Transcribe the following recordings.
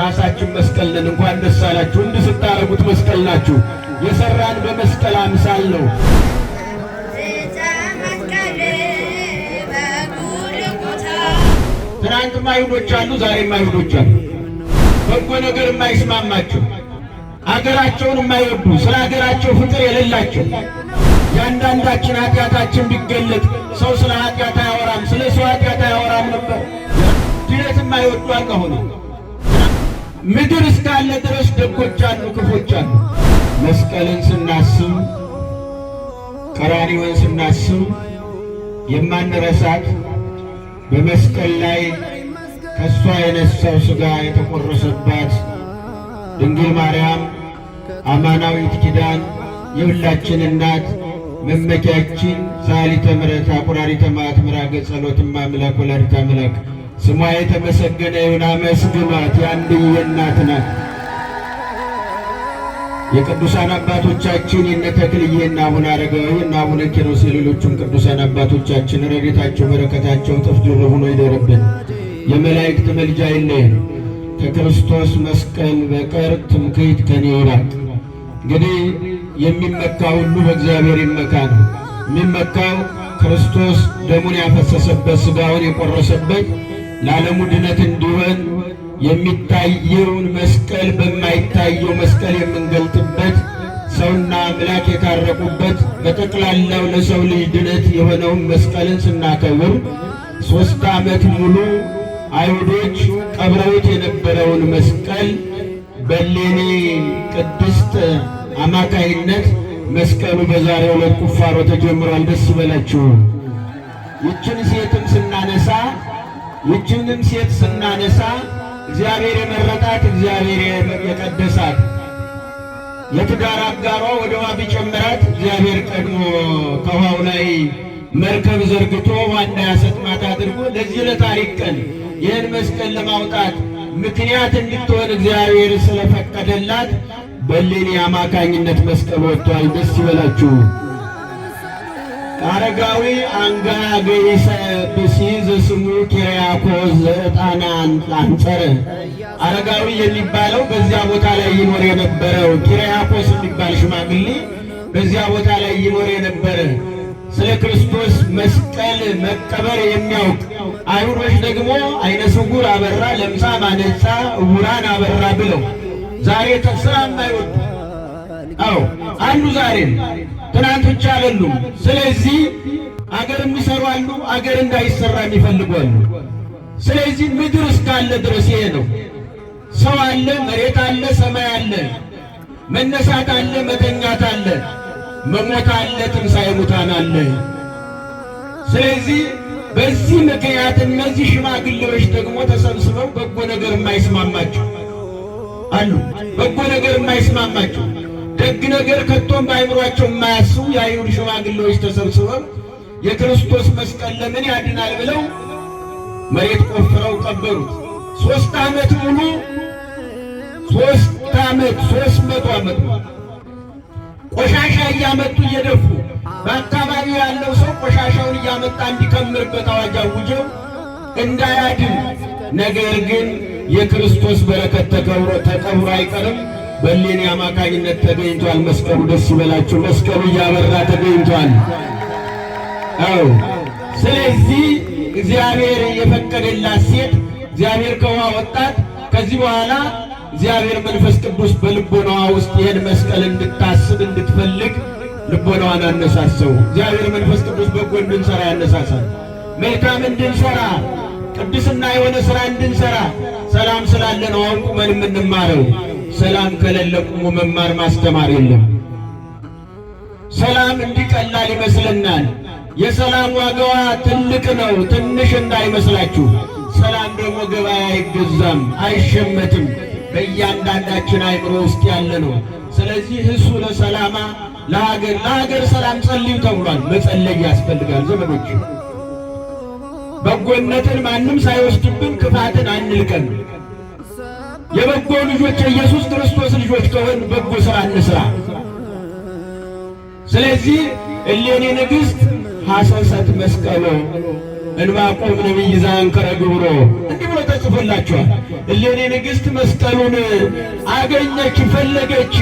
ራሳችን መስቀል ነን። እንኳን ደስ አላችሁ። እንዲህ ስታረጉት መስቀል ናችሁ። የሰራን በመስቀል አምሳል ነው። ትናንትም አይሁዶች አሉ፣ ዛሬ ማይሁዶች አሉ። በጎ ነገር የማይስማማቸው አገራቸውን የማይወዱ ስለ አገራቸው ፍቅር የሌላቸው የአንዳንዳችን ኃጢአታችን ቢገለጥ ሰው ስለ ኃጢአት አያወራም፣ ስለ ሰው ኃጢአት አያወራም ነበር ድነት የማይወዱ አቀሆነ ምድር እስካለ ድረስ ደጎች አሉ፣ ክፎች አሉ። መስቀልን ስናስብ ቀራኒውን ስናስብ የማንረሳት በመስቀል ላይ ከእሷ የነሳው ሥጋ የተቆረሰባት ድንግል ማርያም አማናዊት ኪዳን የሁላችን እናት መመኪያችን ሳሊተ ምሕረት አቁራሪተ ማት ምራገ ጸሎትማ ማምላክ ወላዲተ አምላክ ስሟ የተመሰገነ ይሁን። አመስግኗት፣ የአንድዬ እናት ናት። የቅዱሳን አባቶቻችን የነ ተክልዬ እና አቡነ አረጋዊ እና አቡነ ኪሮስ የሌሎቹም ቅዱሳን አባቶቻችን ረድኤታቸው በረከታቸው እጥፍ ድርብ ሆኖ ይደርብን። የመላእክት መልጃ ይለየን። ከክርስቶስ መስቀል በቀር ትምክህት ከኔ ይራቅ። እንግዲህ የሚመካ ሁሉ በእግዚአብሔር ይመካ ነው። የሚመካው ክርስቶስ ደሙን ያፈሰሰበት ስጋውን የቆረሰበት ለዓለሙ ድነት እንዲሆን የሚታየውን መስቀል በማይታየው መስቀል የምንገልጥበት ሰውና አምላክ የታረቁበት በጠቅላላው ለሰው ልጅ ድነት የሆነውን መስቀልን ስናከብር ሦስት ዓመት ሙሉ አይሁዶች ቀብረውት የነበረውን መስቀል በሌኔ ቅድስት አማካይነት መስቀሉ በዛሬው ዕለት ቁፋሮ ተጀምሯል። ደስ ይበላችሁ። ይችን ሴትም ስናነሳ ይችንም ሴት ስናነሳ እግዚአብሔር የመረጣት እግዚአብሔር የቀደሳት የትዳር አጋሯ ወደ ውሃ ቢጨምራት እግዚአብሔር ቀድሞ ከውሃው ላይ መርከብ ዘርግቶ ዋና ያሰጥማት አድርጎ ለዚህ ለታሪክ ቀን ይህን መስቀል ለማውጣት ምክንያት እንድትሆን እግዚአብሔር ስለፈቀደላት በሌኒ አማካኝነት መስቀል ወጥቷል። ደስ ይበላችሁ። አረጋዊ አንጋ ገይሰ ሲይዝ ስሙ ኪሪያኮስ እጣና አንጸረ አረጋዊ የሚባለው በዚያ ቦታ ላይ ይኖር የነበረው ኪሪያኮስ የሚባል ሽማግሌ በዚያ ቦታ ላይ ይኖር የነበረ ስለ ክርስቶስ መስቀል መቀበር የሚያውቅ አይሁዶች ደግሞ አይነ ስውር አበራ፣ ለምጻም አነጻ፣ ዕውራን አበራ ብለው ዛሬ ተስራ የማይወዱ አዎ አንዱ ዛሬ ትናንት ብቻ አይደሉም። ስለዚህ አገር የሚሰሩ አሉ፣ አገር እንዳይሰራ የሚፈልጉ አሉ። ስለዚህ ምድር እስካለ ድረስ ይሄ ነው። ሰው አለ፣ መሬት አለ፣ ሰማይ አለ፣ መነሳት አለ፣ መተኛት አለ፣ መሞት አለ፣ ትንሣኤ ሙታን አለ። ስለዚህ በዚህ ምክንያት እነዚህ ሽማግሌዎች ደግሞ ተሰብስበው በጎ ነገር የማይስማማቸው አሉ። በጎ ነገር የማይስማማቸው ደግ ነገር ከቶም በአይምሯቸው የማያስቡ የአይሁድ ሽማግሌዎች ተሰብስበው የክርስቶስ መስቀል ለምን ያድናል ብለው መሬት ቆፍረው ቀበሩት። ሶስት ዓመት ሙሉ ሶስት ዓመት ሶስት መቶ ዓመት ቆሻሻ እያመጡ እየደፉ በአካባቢው ያለው ሰው ቆሻሻውን እያመጣ እንዲከምርበት አዋጅ አውጀው እንዳያድን ነገር ግን የክርስቶስ በረከት ተቀብሮ ተቀብሮ አይቀርም። በሌኔ አማካኝነት ተገኝቷል። መስቀሉ ደስ ይበላችሁ፣ መስቀሉ እያበራ ተገኝቷል። አው ስለዚህ እግዚአብሔር የፈቀደላት ሴት እግዚአብሔር ከውሃ ወጣት። ከዚህ በኋላ እግዚአብሔር መንፈስ ቅዱስ በልቦናዋ ውስጥ ይሄን መስቀል እንድታስብ እንድትፈልግ ልቦናዋን አነሳሰው። እግዚአብሔር መንፈስ ቅዱስ በጎ እንድንሰራ ያነሳሳል። መልካም እንድንሰራ ቅዱስና የሆነ ስራ እንድንሰራ ሰላም ስላለ ነው አሁን ቁመን የምንማረው። ሰላም ከሌለ ቁሙ መማር ማስተማር የለም። ሰላም እንዲቀላል ይመስለናል። የሰላም ዋጋዋ ትልቅ ነው፣ ትንሽ እንዳይመስላችሁ። ሰላም ደግሞ ገበያ አይገዛም፣ አይሸመትም። በእያንዳንዳችን አእምሮ ውስጥ ያለ ነው። ስለዚህ እሱ ለሰላማ ለሀገር ለሀገር ሰላም ጸልዩ ተብሏል። መጸለይ ያስፈልጋል ዘመዶች። በጎነትን ማንም ሳይወስድብን ክፋትን አንልቀም። የበጎ ልጆች የኢየሱስ ክርስቶስ ልጆች ከሆን በጎ ስራ እንስራ። ስለዚህ እሌኒ ንግሥት ሐሰሰት መስቀሎ እንባቆም ነቢይ ዘአንከረ ግብሮ እንዲህ ብሎ ተጽፎላችኋል። እሌኒ ንግሥት መስቀሉን አገኘች፣ ፈለገች።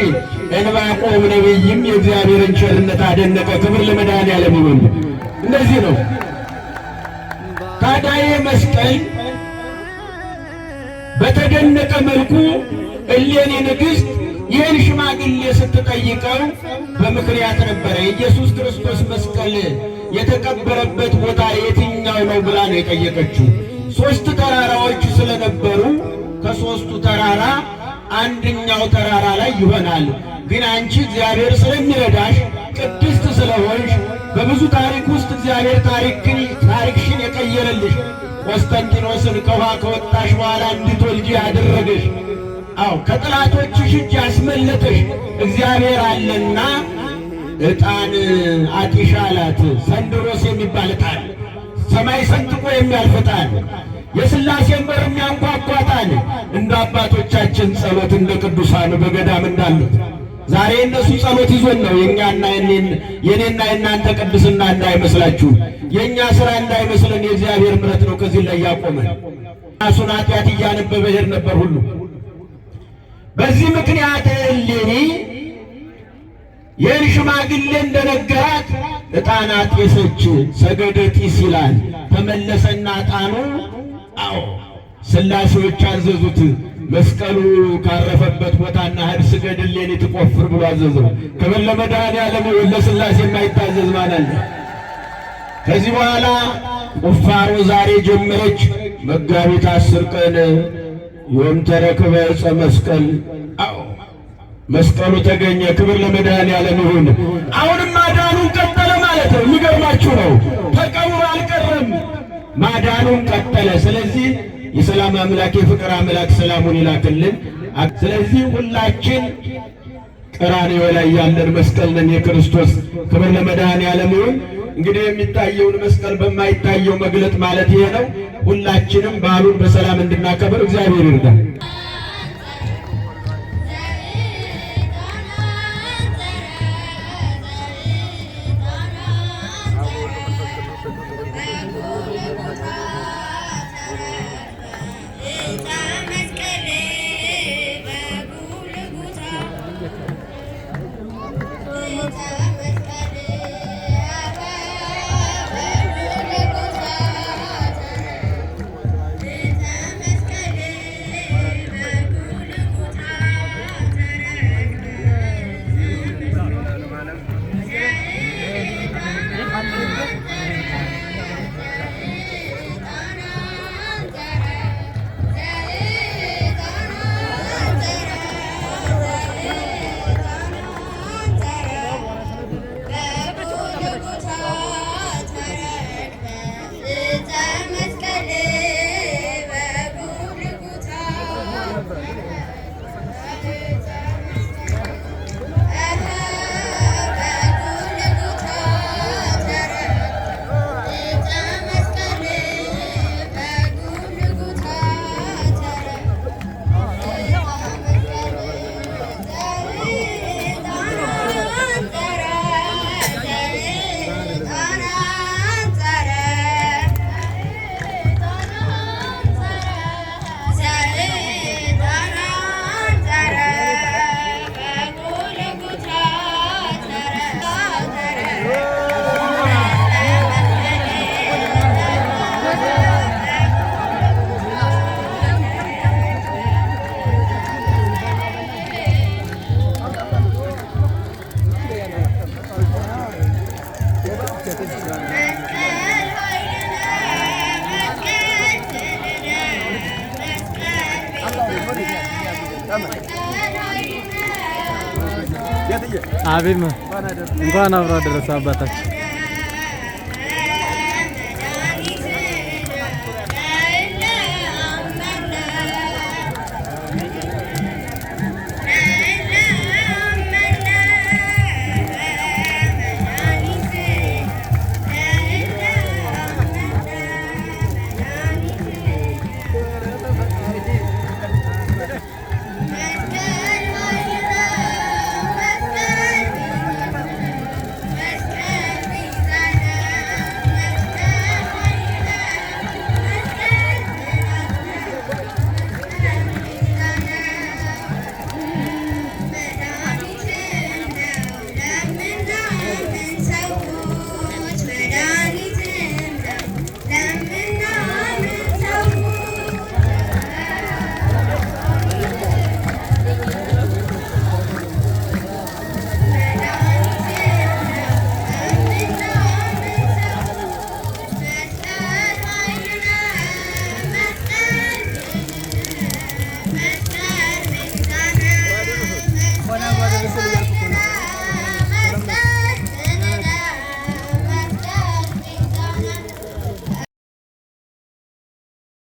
እንባቆም ነቢይም የእግዚአብሔርን ቸርነት አደነቀ። ክብር ለመድኃኔዓለም ይሁን። እንደዚህ ነው ታዲያ መስቀል በተደነቀ መልኩ እሌኒ ንግሥት ይህን ሽማግሌ ስትጠይቀው በምክንያት ነበረ። የኢየሱስ ክርስቶስ መስቀል የተቀበረበት ቦታ የትኛው ነው ብላ ነው የጠየቀችው። ሦስት ተራራዎች ስለነበሩ ከሦስቱ ተራራ አንድኛው ተራራ ላይ ይሆናል። ግን አንቺ እግዚአብሔር ስለሚረዳሽ ቅድስት ስለሆንሽ በብዙ ታሪክ ውስጥ እግዚአብሔር ታሪክሽን የቀየረልሽ ቆስጠንጢኖስን ከውሃ ከወጣሽ በኋላ እንድትወልጂ ያደረገሽ አው ከጠላቶችሽ እጅ ያስመለጠሽ እግዚአብሔር አለና ዕጣን አጢሻ አላት። ሰንድሮስ የሚባል ዕጣን ሰማይ ሰንጥቆ የሚያልፍ ዕጣን የሥላሴን በር የሚያንኳኳ ዕጣን እንደ አባቶቻችን ጸሎት እንደ ቅዱሳን በገዳም እንዳሉት ዛሬ እነሱ ጸሎት ይዞን ነው። የኛና የኔና የእናንተ ቅድስና እንዳይመስላችሁ፣ የእኛ ስራ እንዳይመስለን የእግዚአብሔር ምረት ነው ከዚህ ላይ ያቆመን። ራሱን ኃጢአት እያነበበ ሄድ ነበር ሁሉ በዚህ ምክንያት እሌኒ ይህን ሽማግሌ እንደነገራት ዕጣን አጤሰች። ሰገደ ጢስ ይላል። ተመለሰና ዕጣኑ አዎ ስላሴዎች አዘዙት መስቀሉ ካረፈበት ቦታ ሂድ ስገድል ሌሊት ቆፍር ብሎ አዘዘው። ከምን ለመድኃኔዓለም ለሥላሴ የማይታዘዝ ማለት ነው። ከዚህ በኋላ ቁፋሮ ዛሬ ጀመረች። መጋቢት አስር ቀን ዮም ተረክበ ዕፀ መስቀል መስቀሉ ተገኘ። ክብር ለመድኃኔዓለም ይሁን። አሁንም ማዳኑን ቀጠለ ማለት ነው። የሚገርማችሁ ነው፣ ተቀብሮ አልቀረም፣ ማዳኑን ቀጠለ። ስለዚህ የሰላም አምላክ የፍቅር አምላክ ሰላሙን ይላክልን። ስለዚህ ሁላችን ቀራንዮ ላይ ያለን መስቀል ነን። የክርስቶስ ክብር ለመድኃኔዓለም ይሁን። እንግዲህ የሚታየውን መስቀል በማይታየው መግለጥ ማለት ይሄ ነው። ሁላችንም በዓሉን በሰላም እንድናከብር እግዚአብሔር ይርዳል። አቢም እንኳን አብሮ አደረሰ አባታችን።